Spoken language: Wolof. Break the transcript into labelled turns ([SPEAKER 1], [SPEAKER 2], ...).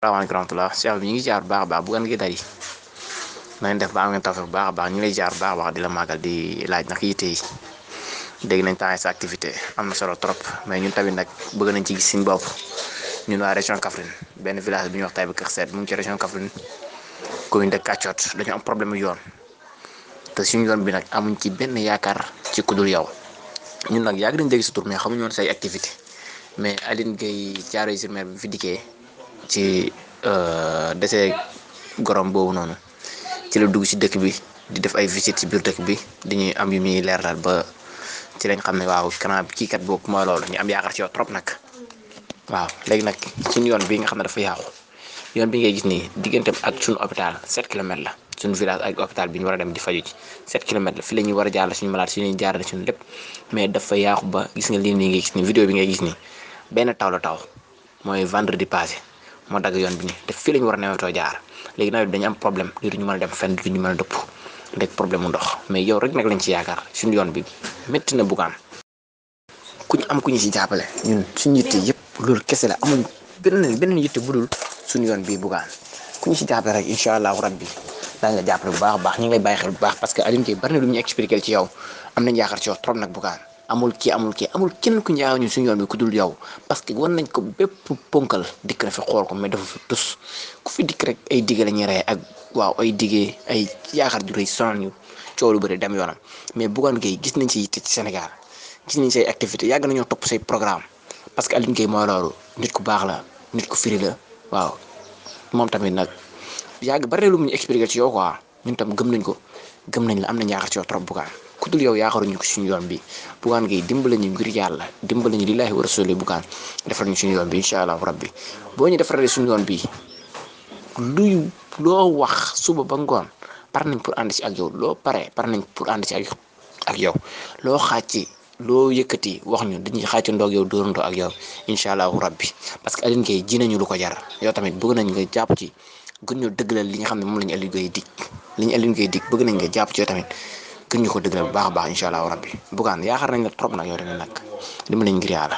[SPEAKER 1] salaamaaleykum wa rahmatulah bi ñu ngi jaar bu baax a baax Bougane Gueye Dany na leen def ba am ngeen tawfeex bu baax a baax ñu ngi jaar bu baax di la màggal di laaj nag yitte yi dégg nañ temps sa activité am na solo trop mais ñun tamit nag bëgg nañ ci gis suñu bopp ñun waa région Kaffrine benn village bi ñu wax Taïba Kër Seet mu ngi ci région Kaffrine commune de Kacot dañu am problème yoon te suñ yoon bi nag amuñ ci benn yaakaar ci ku dul yow ñun nag yàgg nañ dégg sa tur mais xamuñu woon say activité mais Aline Gueye Thiaroye sur Mer bi fi dikkee. ci euh, dese gorom boobu noonu ci la dugg ci dëkk bi di def ay visite ci biir dëkk bi dañuy am yu muy leeral ba ci lañ xam ne waaw kanam kii kat boobu mooy loolu ñu am yaakaar ci yow trop nag waaw léegi nag suñu yoon bi nga xam ne dafa yàqu yoon bi ngay gis nii diggante ak suñu hôpital 7 kilomètres la suñ village ak hôpital bi ñu war a dem di faju ci 7 kilomètres la fi la ñuy war a jaarale suñu malade suñuy jaarale suñu lépp mais dafa yàqu ba gis nga lii nii ngay gis nii vidéo bi ngay gis nii benn taw taw mooy vendredi passé moo dagg yoon bi nii te fii lañ war a nawetoo jaar léegi nawet bi dañu am problème dootuñu mën a dem fenn dootuñu mën a dëpp rek problème mu ndox mais yow rek nag lañ ci yaakaar suñu yoon bi métti na bugaan ku ñu am ku ñu ci jàppale ñun suñu yitte yëpp loolu kese la amuñ benn benn yitte bu dul suñu yoon bi bugaan ku ñu rek incha allahu rabbi daañu la jàppale bu baax baax ñu ngi lay bàyyi xel bu baax parce que Alioune Gueye bari na lu ñu expliqué ci yow am nañ yaakaar ci yow trop nag bugaan amul kii amul kii amul kenn ku ñu suñu yoon bi ku dul yow parce que war nañ ko bépp ponkal dikk na fi xool ko mais dafa fi tus ku fi dikk rek ay digge la ñuy rey ak waaw ay ay yaakaar ju rëy ñu coow lu bëri dem yoonam mais Bougane Gueye gis nañ ci yitte ci Sénégal gis nañ activité yàgg nañoo topp say programme parce que Aline Gueye mooy loolu nit ku baax la nit ku firi waaw moom tamit nag yàgg bari lu mu ñu expliqué ci yow quoi ñun tam gëm nañ ko gëm nañ la am na ñaaxar ci yow trop Bougane ku dul yow yaakaaruñu ko suñu yoon bi bugaan ngay dimbale ñu ngir yàlla dimbale ñu lillaahi wa rasuli bugaan defar ñu suñu yoon bi incha allahu rabbi boo ñu defaree suñu yoon bi luy loo wax suba ba ngoon par nañ pour ànd si ak yow loo pare par nañ pour ànd si ak ak yow loo xàcci loo yëkkati wax ñu dañuy xàcci ndoog yow dóorandoo ak yow incha allahu rabbi parce que Alioune Gueye ji nañu lu ko jar yow tamit bëgg nañ nga jàpp ci gën ñu dëggalal li nga xam ne moom la ñu Alioune Gueye dig li ñu Alioune bëgg nañ nga jàpp ci yow tamit gën ñu ko dëgëral bu baax a baax incha allah rabbi bugaan yaakaar nañ la trop nag yow da nga nekk dimbali ñu ngir yàlla